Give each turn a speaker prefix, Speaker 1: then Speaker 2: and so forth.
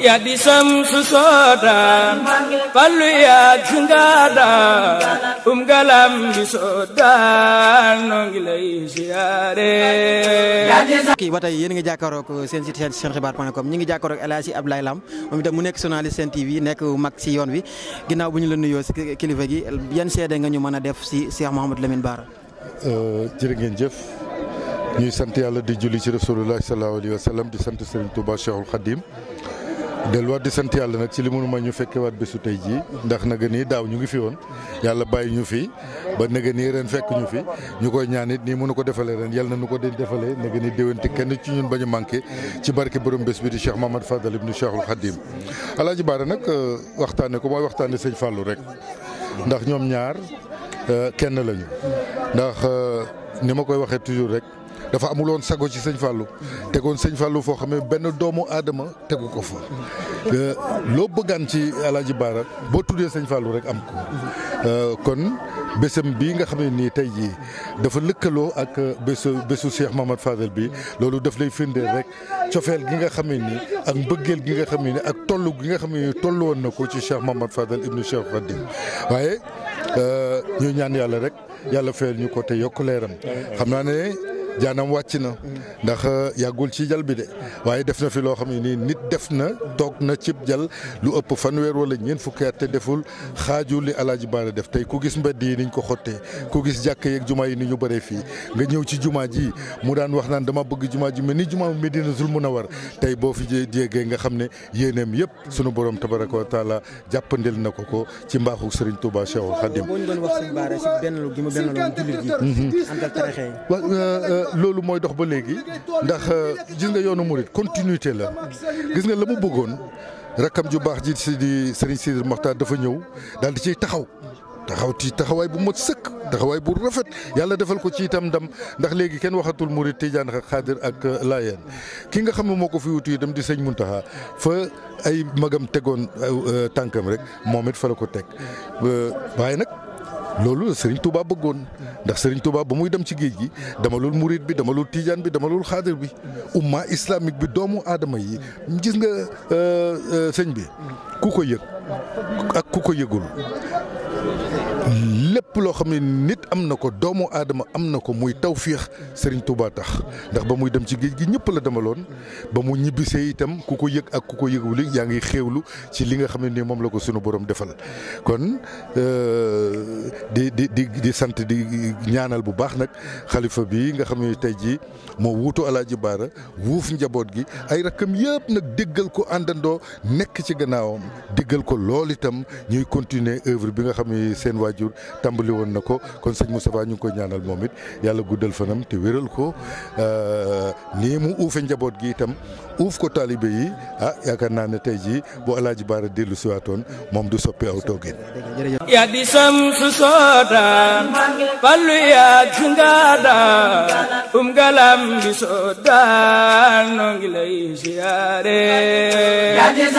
Speaker 1: Ya di sam susoda, Palu ya jengada umgalam galam di soda Nongilai siare Kita ba tey yéen ngi jàkkaaroog seen site seen xibaar point com ñi ngi jàkkaaroog El Lam moom itam mu nekk sen TV nekk mag si yoon wi ginnaaw bu ñu la nuyoo si kilifa gi yan seede nga ñu mën def si Cheikh Mouhamadou Lamine Bara eh, jërë ngeen jëf ñuy sant ala di Juli ci rasulullah sallallahu Alaihi Wasallam di sant Serigne tu Cheikhul Khadim delluwaat di sant yàlla nag ci li mënu ma ñu fekkewaat bésu tey jii ndax naga nii daaw ñu ngi fi woon yàlla bàyyi ñu fi ba naga nii ren fekk ñu fi ñu koy ñaan it nii mënu ko defalee ren yàlla na nu ko di defalee naga nii déwénti kenn ci ñun bañu manqué ci barke borom bés bi di Cheikh Mahamad Fadal ibnu Cheikhul Khadim Alaaji Baara nag euh, waxtaane ko mooy waxtaane sëñ Fallou rek ndax ñoom ñaar euh, kenn lañu ndax euh, ni ma koy waxee toujours rek dafa amuloon sago ci sëñ Fallou tegoon sëñ Fallou foo xam ne benn doomu aadama tegu ko fa euh, loo bëggaan ci Alaaji Baara boo tuddee sëñ Fallou rek am ko euh, kon bésam bii nga xam ne nii tey jii dafa lëkkaloo ak bésu bésu Cheikh Mahamad Fadel bi loolu daf lay firndeel rek cofeel gi nga xam ne nii ak mbëggeel gi nga xam ne ak toll gi nga xam ne nii woon na ko ci Cheikh Mahamad Fadel ibnu Cheikh Khadim waaye euh, ñu ñaan yàlla rek yàlla fayal ñu ko te yokk leeram xam naa ne jaanam wàcc na ndax euh, yàggul ci jal bi de waaye def na fi loo xam ne nii nit def na toog na cib jal lu ëpp fanweer wala ñeent fukki at te deful xaaju li alaaji baara def tey ku gis mbedd yi niñ ko xottee ku gis jàkk yeeg jumaa yi ni ñu bëree fii nga ñëw ci jumaa ji mu daan wax naan dama bëgg jumaa ji mel ni jumaa mi a war tey boo fi jéegee nga xam ne yéeneem yëpp sunu borom tabaraka wa taala jàppandil na ko ko ci mbaaxu Serigne Touba Cheikhul Khadim lolu moy dox ba legui ndax gis nga yoonu mourid continuité la gis nga lamu mu bëggoon rakkam ju bax ji si di Serigne sidir Mokhtar dafa ñëw dal di ci taxaw taxaw ci taxaway bu mot sëkk taxaway bu rafet yàlla defal ko ci itam ndam ndax legui ken waxatul mourid tidiane Tijaan khadir ak Laayeen ki nga xam moko fi wutu itam di sëñ muntaha fa ay magam tegon tànkam rek momit fa la ko tek waaye nak loolu la Serigne Touba bëggoon ndax sëriñ Touba ba muy dem ci géej gi damalul murit bi damalul tijaan bi damalul xaadir bi umma islamique bi doomu aadama yi gis nga euh, euh, sëñ bi ku ko yëg ak ku ko yëgul lépp loo xam ne nit am na ko doomu aadama am na ko muy tawféex sëriñ Touba tax ndax ba muy dem ci géej gi ñëpp la demaloon ba mu ñibbisee itam ku ko yëg ak ku ko yëgul yaa ngi xéewlu ci li nga xam ne nii moom la ko sunu borom defal. kon euh, di di di di sant di ñaanal bu baax nag xalifa bi nga xam ne tey jii moo wuutu Alaaji Baara wuuf njaboot gi ay rakkam yëpp nag déggal ko àndandoo nekk ci gannaawam déggal ko lool itam ñuy continuer œuvre bi nga xam mi seen waajur tàmbali woon na ko kon sëñ Moustapha ñu ngi koy ñaanal moom it yàlla guddal fanam te wéral ko euh, nii mu uufe njaboot gi itam uuf ko taalibe yi ah yaakaar naa ne tey ji bu alaaji baara dellu siwaatoon moom du soppi aw toogin ya sam su sooda fallu yaag su ngaada um galam bi sooda noo ngi lay siyaare